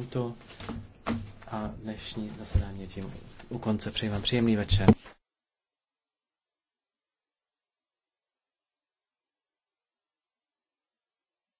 tento a dnešní zasedání tím u konce. Přeji vám příjemný večer.